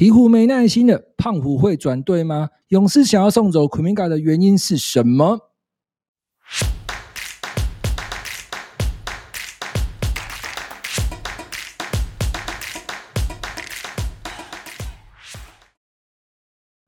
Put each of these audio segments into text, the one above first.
鵜鶘沒耐心的胖虎會轉隊嗎？勇士想要送走庫明加的原因是什麼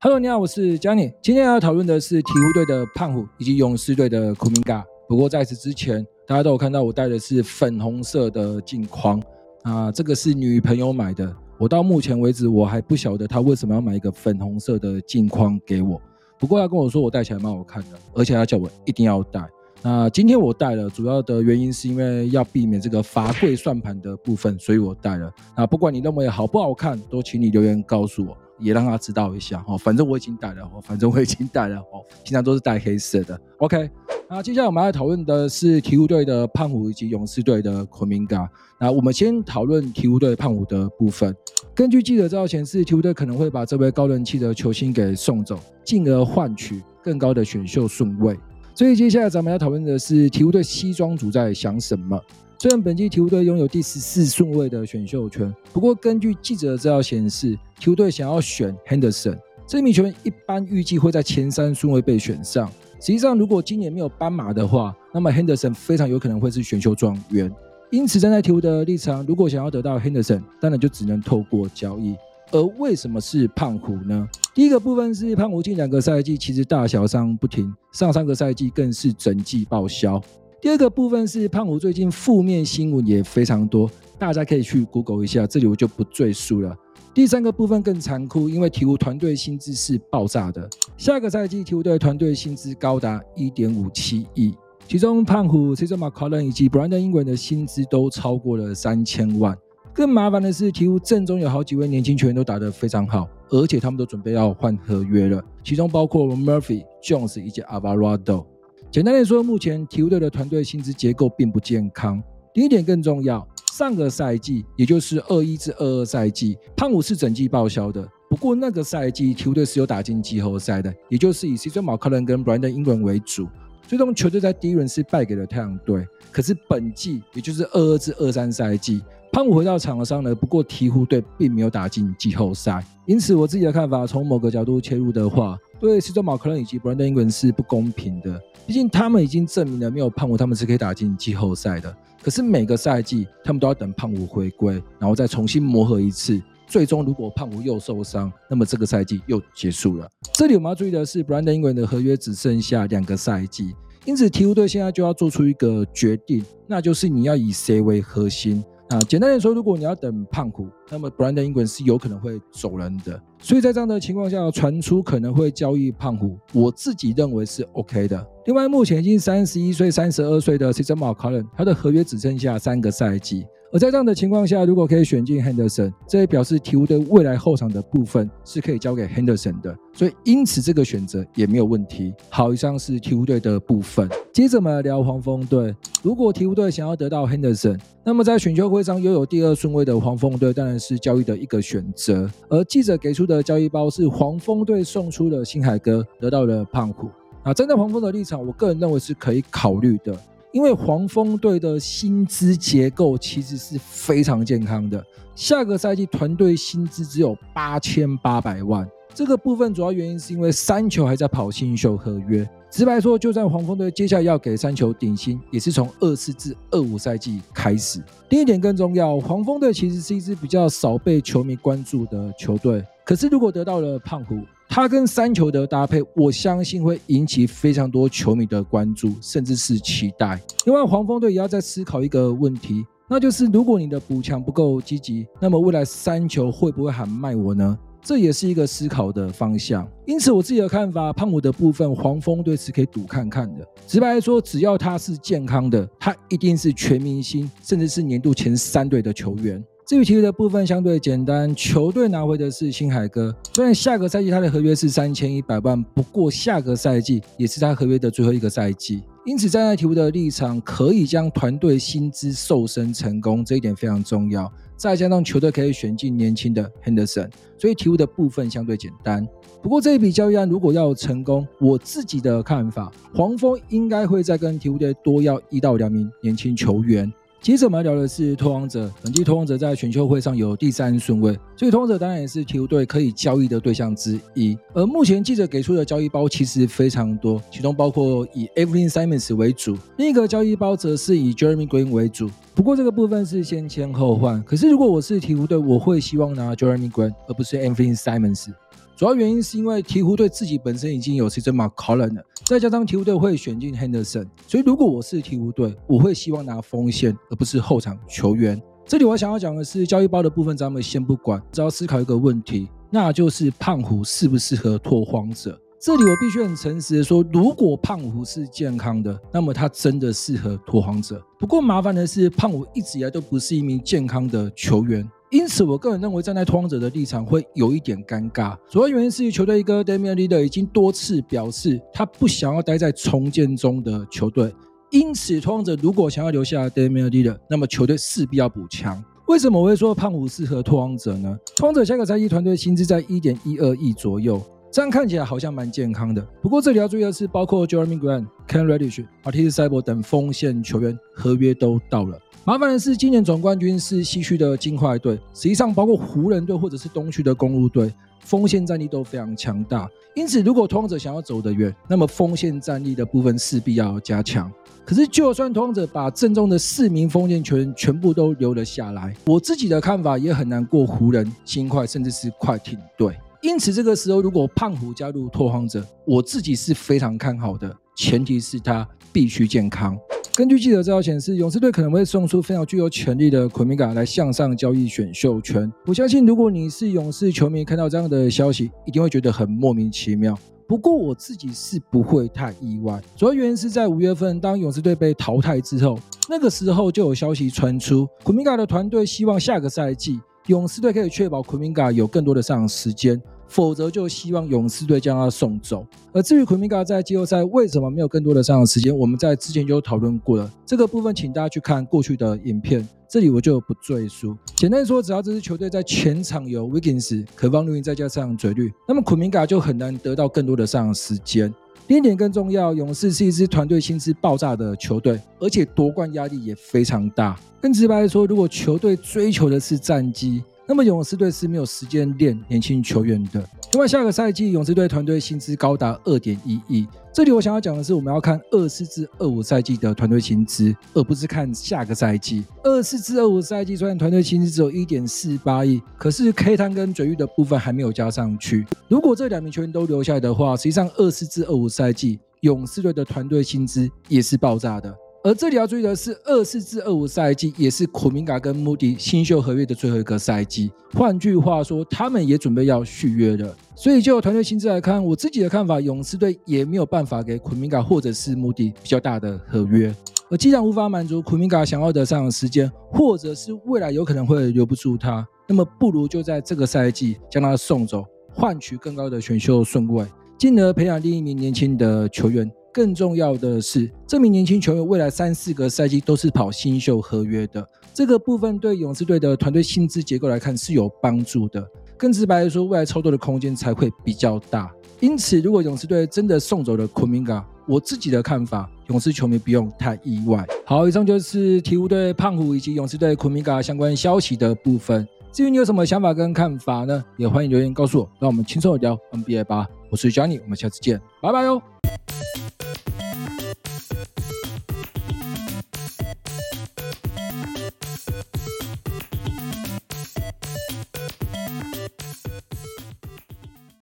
？Hello，你好，我是 Johnny，今天要討論的是鵜鶘隊的胖虎以及勇士隊的庫明加。不過在此之前，大家都有看到我戴的是粉紅色的鏡框啊，這個是女朋友買的。我到目前為止，我還不曉得他為什麼要買一個粉紅色的鏡框給我。不過他跟我說，我戴起來蠻好看的，而且他叫我一定要戴。那今天我戴了，主要的原因是因為要避免這個罰跪算盤的部分，所以我戴了。那不管你認為好不好看，都請你留言告訴我，也讓他知道一下哦喔。反正我已經戴了喔，反正我已經戴了，平常都是戴黑色的。OK。那接下來我們要討論的是鵜鶘隊的胖虎以及勇士隊的庫明加。那我們先討論鵜鶘隊胖虎的部分。根據記者資料顯示，鵜鶘隊可能會把這位高人氣的球星給送走，進而換取更高的選秀順位。所以接下來咱們要討論的是鵜鶘隊西裝主在想什麼。雖然本季鵜鶘隊擁有第十四順位的選秀權，不過根據記者資料顯示，鵜鶘隊想要選 Henderson 這一名球員，一般預計會在前三順位被選上。實際上，如果今年沒有斑馬的話，那麼 Henderson 非常有可能會是選秀狀元。因此，站在鵜鶘的立場，如果想要得到 Henderson，當然就只能透過交易。而為什麼是胖虎呢？第一個部分是胖虎近兩個賽季其實大小傷不停，上三個賽季更是整季報銷。第二個部分是胖虎最近負面新聞也非常多，大家可以去 Google 一下，這裡我就不贅述了。第三個部分更殘酷，因為鵜鶘團隊薪資是爆炸的。下個賽季鵜鶘隊的團隊的薪資高達一點五七億，其中胖虎、CJ McCollum 以及 Brandon Ingram 的薪資都超過了三千萬。更麻煩的是，鵜鶘陣中有好幾位年輕球員都打得非常好，而且他們都準備要換合約了，其中包括 Murphy、Jones 以及 Alvarado。簡單來說，目前鵜鶘隊的團隊的薪資結構並不健康。第一點更重要。上個賽季，也就是二一至二二賽季，胖虎是整季報銷的。不過那個賽季，球隊是有打進季後賽的，也就是以 C.J. 馬克倫跟 Brandon Ingram 為主。最終球隊在第一輪是敗給了太陽隊。可是本季，也就是二二至二三賽季，胖虎回到場上了。不過鵜鶘隊並沒有打進季後賽。因此，我自己的看法，從某個角度切入的話。所以，對麥科勒姆以及布蘭登·英格倫是不公平的。畢竟他們已經證明了沒有胖虎，他們是可以打進季後賽的。可是每個賽季，他們都要等胖虎回歸，然後再重新磨合一次。最終，如果胖虎又受傷，那麼這個賽季又結束了。這裡我們要注意的是，布蘭登·英格倫的合約只剩下兩個賽季，因此鵜鶘隊現在就要做出一個決定，那就是你要以誰為核心。啊，簡單的說，如果你要等胖虎，那麼 Brandon Ingram 是有可能會走人的。所以在這樣的情況下，傳出可能會交易胖虎，我自己認為是 OK 的。另外，目前已經三十一歲、三十二歲的 CJ McCollum，他的合約只剩下三個賽季。而在這樣的情況下，如果可以選進 Henderson，這也表示鵜鶘隊未來後場的部分是可以交給 Henderson 的，所以因此這個選擇也沒有問題。好，以上是鵜鶘隊的部分。接着我們來聊黃蜂隊。如果鵜鶘隊想要得到 Henderson，那麼在選秀會上擁有第二順位的黃蜂隊當然是交易的一個選擇。而記者給出的交易包是黃蜂隊送出的星海哥，得到了胖虎。啊，站在黃蜂的立場，我個人認為是可以考慮的。因為黃蜂隊的薪資結構其實是非常健康的，下個賽季團隊薪資只有八千八百萬。這個部分主要原因是因為三球還在跑新秀合約。直白說，就算黃蜂隊接下來要給三球頂薪，也是從二四至二五賽季開始。第一點更重要，黃蜂隊其實是一支比較少被球迷關注的球隊。可是如果得到了胖虎，他跟三球的搭配，我相信會引起非常多球迷的關注，甚至是期待。另外，黃蜂隊也要再思考一個問題，那就是如果你的補強不夠積極，那麼未來三球會不會喊賣我呢？這也是一個思考的方向。因此，我自己的看法，胖虎的部分，黃蜂隊是可以賭看看的。直白來說，只要他是健康的，他一定是全明星，甚至是年度前三隊的球員。至於鵜鶘的部分相對簡單，球隊拿回的是新海哥。雖然下個賽季他的合約是三千一百萬，不過下個賽季也是他合約的最後一個賽季，因此站在鹈鶘的立場，可以將團隊薪資瘦身成功，這一點非常重要。再加上球隊可以選進年輕的 Henderson，所以鵜鶘的部分相對簡單。不過這一筆交易案如果要成功，我自己的看法，黃蜂應該會再跟鹈鶘隊多要一到兩名年輕球員。接着我們要聊的是拓荒者。本季拓荒者在選秀會上有第三順位，所以拓荒者當然也是鹈鶘隊可以交易的對象之一。而目前記者給出的交易包其實非常多，其中包括以 Avery Simons 為主，另一個交易包則是以 Jeremy Green 為主。不過這個部分是先簽後換。可是如果我是鹈鶘隊，我會希望拿 Jeremy Green 而不是 Avery Simons。主要原因是因為鵜鶘隊自己本身已經有 CJ McCollum 了，再加上鵜鶘隊會選進 Henderson，所以如果我是鵜鶘隊，我會希望拿鋒線而不是後場球員。這裡我要想要講的是交易包的部分，咱們先不管，只要思考一個問題，那就是胖虎適不適合拓荒者。這裡我必須很誠實的說，如果胖虎是健康的，那麼他真的適合拓荒者。不過麻煩的是，胖虎一直以來都不是一名健康的球員。因此，我個人認為，站在拓荒者的立場會有一點尷尬。主要原因是球隊一哥 Damian Lillard 已經多次表示，他不想要待在重建中的球隊。因此，拓荒者如果想要留下 Damian Lillard，那麼球隊勢必要補強。為什麼我會說胖虎適合拓荒者呢？拓荒者下一個賽季團隊薪資在一點一二億左右。這樣看起來好像蠻健康的，不過這裡要注意的是，包括 Jeremy Grant、Ken Reddish、Artis 賽博等鋒線球員合約都到了。麻煩的是，今年總冠軍是西區的金塊隊，實際上包括湖人隊或者是東區的公鹿隊，鋒線戰力都非常強大。因此，如果通者想要走得遠，那麼鋒線戰力的部分勢必要加強。可是，就算通者把陣中的四名鋒線球員全部都留了下來，我自己的看法也很難過湖人、金塊甚至是快艇隊。因此，這個時候如果胖虎加入拓荒者，我自己是非常看好的，前提是他必須健康。根據記者資料顯示，勇士隊可能會送出非常具有潛力的庫明加來向上交易選秀權。我相信，如果你是勇士球迷，看到這樣的消息，一定會覺得很莫名其妙。不過，我自己是不會太意外。主要原因是在五月份，當勇士隊被淘汰之後，那個時候就有消息傳出，庫明加的團隊希望下個賽季勇士隊可以確保庫明加有更多的上場時間。否則，就希望勇士隊將他送走。而至於庫明加在季後賽為什麼沒有更多的上場時間，我們在之前就討論過了。這個部分，請大家去看過去的影片，這裡我就不贅述。簡單說，只要這支球隊在前場有 Wiggins Kevon Looney 再加上嘴綠，那麼庫明加就很難得到更多的上場時間。另一點更重要，勇士是一支團隊薪資爆炸的球隊，而且奪冠壓力也非常大。更直白地說，如果球隊追求的是戰績，那麼勇士隊是沒有時間練年輕球員的。另外，下個賽季勇士隊團隊薪資高達二點一億。這裡我想要講的是，我們要看二四至二五賽季的團隊薪資，而不是看下個賽季。二四至二五賽季雖然團隊薪資只有一點四八億，可是 K 湯跟嘴玉的部分還沒有加上去。如果這兩名球員都留下來的話，實際上二四至二五賽季勇士隊的團隊薪資也是爆炸的。而這裡要注意的是，二四至二五賽季也是庫明嘎跟穆迪新秀合約的最後一個賽季。換句話說，他們也準備要續約了。所以，就團隊薪資來看，我自己的看法，勇士隊也沒有辦法給庫明嘎或者是穆迪比較大的合約。而既然無法滿足庫明嘎想要的上場時間，或者是未來有可能會留不住他，那麼不如就在這個賽季將他送走，換取更高的選秀順位，進而培養另一名年輕的球員。更重要的是，這名年輕球員未來三四個賽季都是跑新秀合約的，這個部分對勇士隊的團隊薪資結構來看是有幫助的。更直白的說，未來操作的空間才會比較大。因此，如果勇士隊真的送走了庫明加，我自己的看法，勇士球迷不用太意外。好，以上就是鵜鶘隊胖虎以及勇士隊庫明加相關消息的部分。至於你有什麼想法跟看法呢？也歡迎留言告訴我，讓我們輕鬆的聊 NBA 吧。我是 Johnny，我們下次見，拜拜喲、哦。